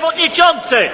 przewodniczący!